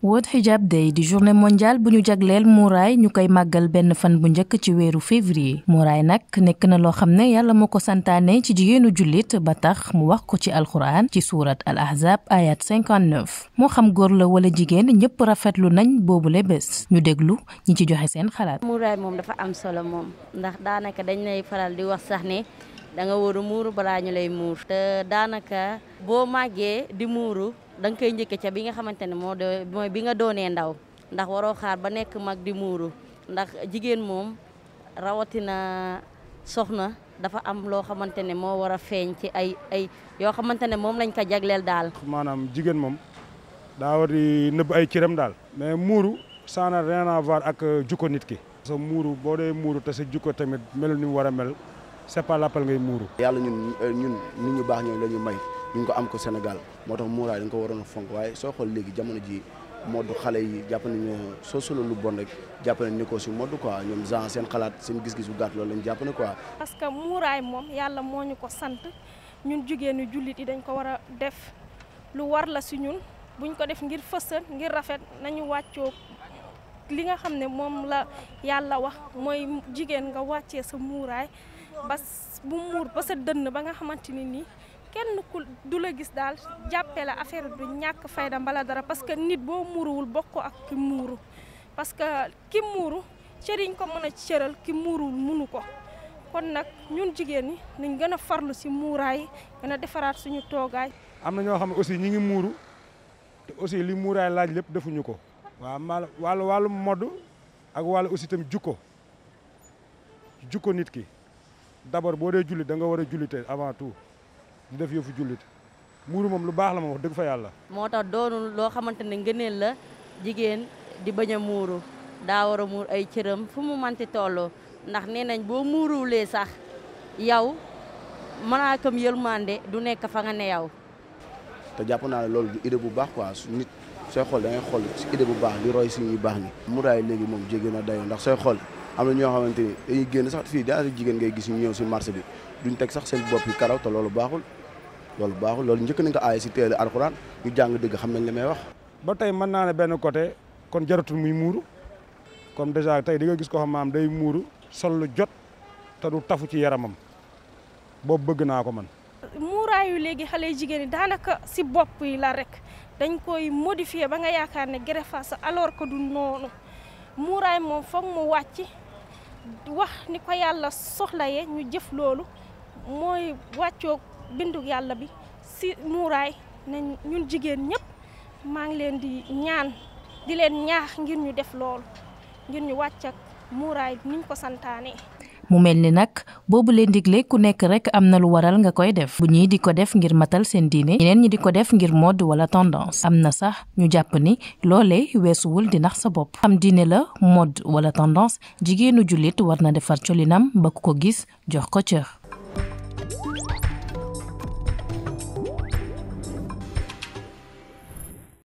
World Hijab Day di journée mondiale bu ñu jagleel muuraay ñu koy màggal benn fan bu njëkk ci weeru février muuraay nag nekk na loo xam ne yàlla moo ko santaane ci jigéenu jullit ba tax mu wax ko ci alxuraan ci suurat al ahzab ayat 59 moo xam góor la wala jigéen ñëpp rafetlu nañ boobule bés ñu déglu ñi ci joxe seen xalaat. muuraay moom dafa am solo moom ndax daanaka dañ lay faral di wax sax ne. da nga war muuru balaa ñu lay muur te daanaka boo màggee di muuru da koy njëkke ca bi nga xamante ne moo doo mooy bi nga doonee ndaw ndax waroo xaar ba nekk mag di muuru ndax jigéen moom rawatina soxna dafa am loo xamante ne moo war a feeñ ci ay ay yoo xamante ne moom lañ ko jagleel daal. maanaam jigéen moom daa war di nëbb ay cëram daal. mais muuru ça n'a rien ak jukko nit ki. sa muuru boo dee muuru te sa jukko tamit melul ni war a mel. c'est pas l'appel ngay muuru. yàlla ñun euh, ñun nit ñu baax ñoom la ñu may ñu ko am ko Sénégal moo tax muuraay dañ ko waroon a fonk waaye soo xool léegi jamono ji modd xale yi jàpp nañu soo solo lu bon rek jàpp nañu ne ko si modd quoi ñoom genre seen xalaat seen gis-gis bu gàtt loolu lañ jàpp ne quoi. parce que muuraay moom yàlla moo ñu ko sant ñun jigéenu jullit yi dañ ko war a def lu war la si ñun buñ ko def ngir fësal ngir rafet nañu wàccoo li nga xam ne moom la yàlla wax mooy jigéen nga wàccee sa muuraay ba bu muur ba sa dënn ba nga xamante ni nii kenn ku du la gis daal jàppee la affaire du ñàkk fayda mbala dara parce que nit boo muuruwul bokk ak ki muuru parce que ki muuru cëriñ ko mën a cëral ki muuruwul munu ko kon nag ñun jigéen ñi nañ gën a farlu si muuraay gën a defaraat suñu toogaay. am na ñoo xam ne aussi ñi ngi muuru te aussi li muuraay laaj lépp defuñu ko. waaw ma wàllu wàllu modd ak wàllu aussi tamit jukko jukko nit ki d'abord boo dee jullit da nga war a jullite avant di def yëfu jullit muuru moom lu baax la ma wax dëgg fa yàlla. moo tax doonul loo xamante ne ngëneel la jigéen di bañ a muuru daa war a muur ay cëram fu mu manti toll ndax nee nañ boo muuruwulee sax yow mënaakam yërmande du nekk fa nga ne yow. te jàpp naa loolu di idée bu baax quoi su nit. sooy xool da ngay xool ci idée bu baax di roy suñuy baax ni ñi muraay léegi moom jéggi na dayoo ndax sooy xool am na ñoo xamante ni dañuy génn sax fii daanaka jigéen ngay gis ñu ñëw si marché bi duñ teg sax seen bopp yi karaw te loolu baaxul loolu baaxul loolu njëkk nañ ko aaye si téere alxuraan ñu jàng dëgg xam nañ la may wax ba tey man naa ne benn côté kon jaratul muy muuru kon dèjà tey di nga gis ko xam maam day muuru sol lu jot te du tafu ci yaramam boobu bëgg naa ko man yu léegi xale yu jigéen yi daanaka si bopp yi la rek dañ koy modifier ba nga yaakaar ne greffage alors ko du noonu muuraay moom foog mu wàcc wax ni ko yàlla soxla yee ñu jëf loolu mooy wàccook bindu yàlla bi si muuraay nañ ñun jigéen ñëpp maa ngi leen di ñaan di leen ñaax ngir ñu def loolu ngir ñu wàcc ak muuraay niñ ko santaanee. mu mel ni nag boobu leen digle ku nekk rek am na lu waral nga koy def bu ñii di ko def ngir matal seen diine ñeneen ñi di ko def ngir mode wala tendance am na sax ñu jàpp ni loole weesuwul di nax sa bopp am diine la mode wala tendance jigéenu jullit war na defar colinam ba ku ko gis jox ko cër